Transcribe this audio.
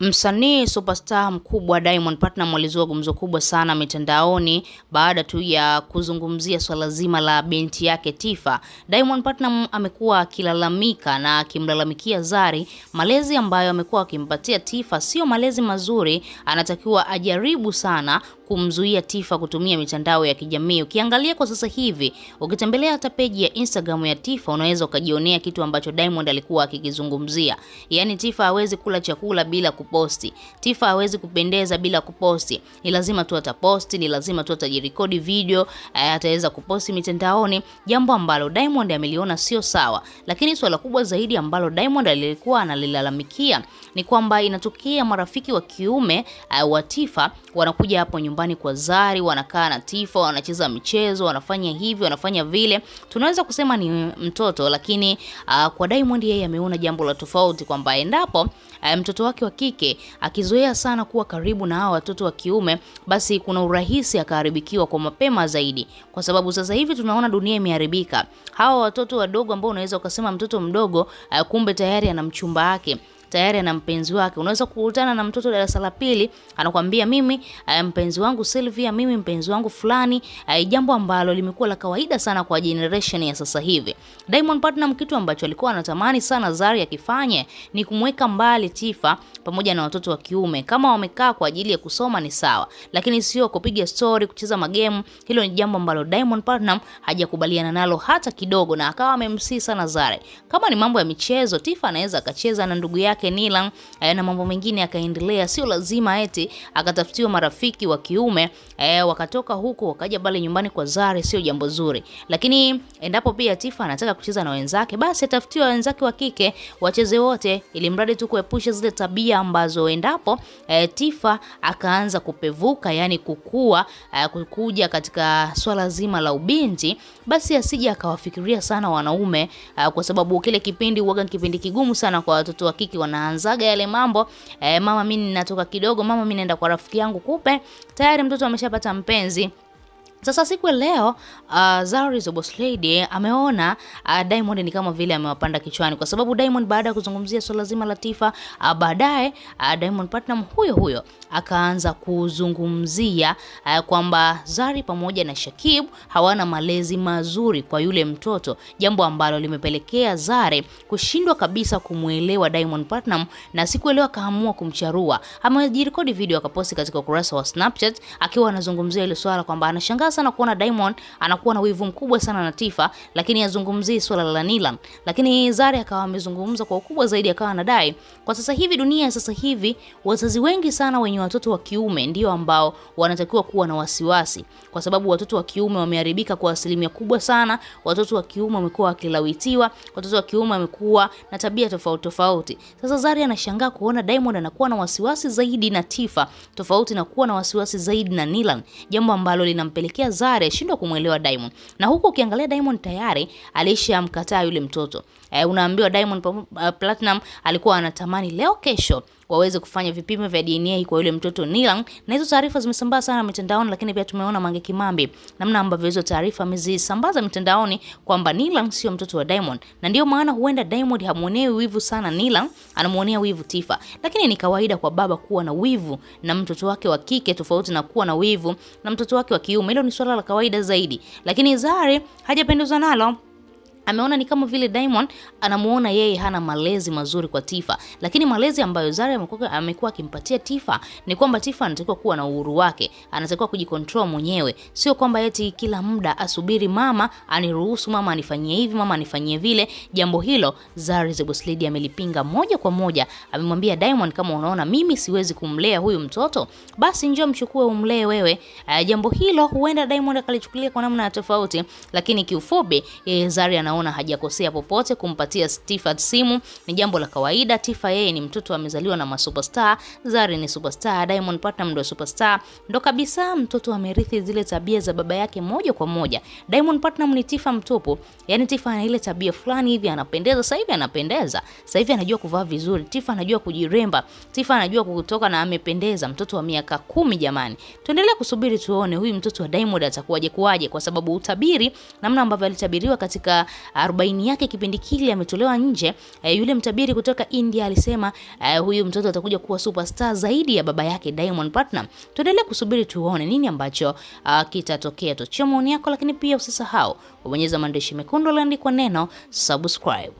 Msanii superstar mkubwa Diamond Platnumz alizua gumzo kubwa sana mitandaoni baada tu ya kuzungumzia swala zima la binti yake tifa Diamond Platnumz amekuwa akilalamika na akimlalamikia Zari, malezi ambayo amekuwa akimpatia tifa sio malezi mazuri, anatakiwa ajaribu sana kumzuia Tifa kutumia mitandao ya kijamii. Ukiangalia kwa sasa hivi, ukitembelea hata peji ya Instagram ya Tifa unaweza ukajionea kitu ambacho Diamond alikuwa akikizungumzia. Yaani Tifa hawezi kula chakula bila kuposti. Tifa hawezi kupendeza bila kuposti. Ni lazima tu ataposti, ni lazima tu atajirekodi video, eh, ataweza kuposti mitandaoni, jambo ambalo Diamond ameliona sio sawa. Lakini swala kubwa zaidi ambalo Diamond alilikuwa analilalamikia ni kwamba inatokea marafiki wa kiume uh, wa Tifa wanakuja hapo nyumbani nyumbani kwa Zari, wanakaa na Tifa, wanacheza michezo, wanafanya hivi, wanafanya vile. Tunaweza kusema ni mtoto, lakini uh, kwa Diamond yeye ameona jambo la tofauti kwamba endapo uh, mtoto wake wa kike akizoea sana kuwa karibu na hawa watoto wa kiume, basi kuna urahisi akaharibikiwa kwa mapema zaidi, kwa sababu sasa hivi tunaona dunia imeharibika. Hawa watoto wadogo ambao unaweza ukasema mtoto mdogo uh, kumbe tayari ana mchumba wake tayari ana mpenzi wake. Unaweza kukutana na mtoto darasa la pili anakwambia mimi eh, mpenzi wangu Sylvia, mimi mpenzi wangu fulani, eh, jambo ambalo limekuwa la kawaida sana kwa generation ya sasa hivi. Diamond Platnumz kitu ambacho alikuwa anatamani sana Zari akifanye ni kumweka mbali Tifa pamoja na watoto wa kiume. Kama wamekaa kwa ajili ya kusoma ni sawa, lakini sio kupiga story, kucheza magemu. Hilo ni jambo ambalo Diamond Platnumz hajakubaliana nalo hata kidogo, na akawa amemsii sana Zari. Kama ni mambo ya michezo, Tifa anaweza akacheza na ndugu yake yake Nilan eh, na mambo mengine yakaendelea. Sio lazima eti akatafutiwa marafiki wa kiume eh, wakatoka huko wakaja pale nyumbani kwa Zari, sio jambo zuri. Lakini endapo pia Tifa anataka kucheza na wenzake, basi atafutiwa wenzake wa kike wacheze wote, ili mradi tu kuepusha zile tabia ambazo endapo eh, Tifa akaanza kupevuka, yani kukua eh, kukuja katika swala zima la ubinti, basi asije akawafikiria sana wanaume eh, kwa sababu kile kipindi huaga kipindi kigumu sana kwa watoto wa kike wanaanzaga yale mambo e, mama mimi ninatoka kidogo, mama mimi naenda kwa rafiki yangu kupe. Tayari mtoto ameshapata mpenzi. Sasa siku ya leo uh, Zari the Boss Lady ameona uh, Diamond ni kama vile amewapanda kichwani, kwa sababu Diamond baada ya kuzungumzia swala zima la Tifa uh, baadaye uh, Diamond Platinum huyo huyo akaanza kuzungumzia uh, kwamba Zari pamoja na Shakib hawana malezi mazuri kwa yule mtoto, jambo ambalo limepelekea Zari kushindwa kabisa kumwelewa Diamond Platinum, na siku ya leo akaamua kumcharua. Amejirekodi video akaposti katika ukurasa wa Snapchat akiwa anazungumzia ile swala kwamba anashangaa nashangaa sana kuona Diamond anakuwa na wivu mkubwa sana na Tifa, lakini azungumzii swala la Nilan. Lakini Zari akawa amezungumza kwa ukubwa zaidi, akawa anadai kwa sasa hivi dunia, sasa hivi wazazi wengi sana wenye watoto wa kiume ndio ambao wanatakiwa kuwa na wasiwasi, kwa sababu watoto wa kiume wameharibika kwa asilimia kubwa sana. Watoto wa kiume wamekuwa wakilawitiwa, watoto wa kiume wamekuwa na tabia tofauti tofauti. Sasa Zari anashangaa kuona Diamond anakuwa na wasiwasi zaidi na Tifa, tofauti na kuwa na wasiwasi zaidi na Nilan, jambo ambalo linampelekea kumpelekea Zari ashindwa kumwelewa Diamond, na huku ukiangalia Diamond tayari alishamkataa yule mtoto e, unaambiwa Diamond uh, Platinum alikuwa anatamani leo kesho waweze kufanya vipimo vya DNA kwa yule mtoto Nilan, na hizo taarifa zimesambaa sana mitandaoni, lakini pia tumeona Mange Kimambi namna ambavyo hizo taarifa amezisambaza mitandaoni kwamba Nilan sio mtoto wa Diamond, na ndio maana huenda Diamond hamuonei wivu sana Nilan, anamuonea wivu Tifa. Lakini ni kawaida kwa baba kuwa na wivu na mtoto wake wa kike tofauti na kuwa na wivu na mtoto wake wa kiume. Hilo ni swala la kawaida zaidi, lakini Zari hajapendezwa nalo ameona ni kama vile Diamond anamuona yeye hana malezi mazuri kwa Tifa, lakini malezi ambayo Zari amekuwa akimpatia Tifa ni kwamba Tifa anatakiwa kuwa na uhuru wake, anatakiwa kujikontrol mwenyewe, sio kwamba eti kila muda asubiri mama aniruhusu, mama anifanyie hivi, mama anifanyie vile. Jambo hilo Zari the Boss Lady amelipinga moja kwa moja, amemwambia Diamond, kama unaona mimi siwezi kumlea huyu mtoto, basi njoo mchukue umlee wewe. Uh, jambo hilo huenda Diamond akalichukulia kwa namna tofauti, lakini kiufupi yeye eh, Zari ana anaona hajakosea popote kumpatia Tifa simu, ni jambo la kawaida. Tifa yeye ni mtoto amezaliwa na masuperstar. Zari ni superstar, Diamond Platnumz ndio superstar, ndo kabisa mtoto amerithi zile tabia za baba yake moja kwa moja. Diamond Platnumz ni Tifa mtopo, yani Tifa ana ile tabia fulani hivi, anapendeza sasa hivi, anapendeza sasa hivi, anajua kuvaa vizuri. Tifa anajua kujiremba, Tifa anajua kutoka na amependeza, mtoto wa miaka kumi. Jamani, tuendelee kusubiri tuone huyu mtoto wa Diamond atakuwaje kuwaje, kwa sababu utabiri, namna ambavyo alitabiriwa katika arobaini yake kipindi kile ametolewa nje, eh, yule mtabiri kutoka India alisema eh, huyu mtoto atakuja kuwa superstar zaidi ya baba yake Diamond Platnumz. Tuendelee kusubiri tuone nini ambacho ah, kitatokea. Tochia maoni yako, lakini pia usisahau kubonyeza maandishi mekundu aliandikwa neno subscribe.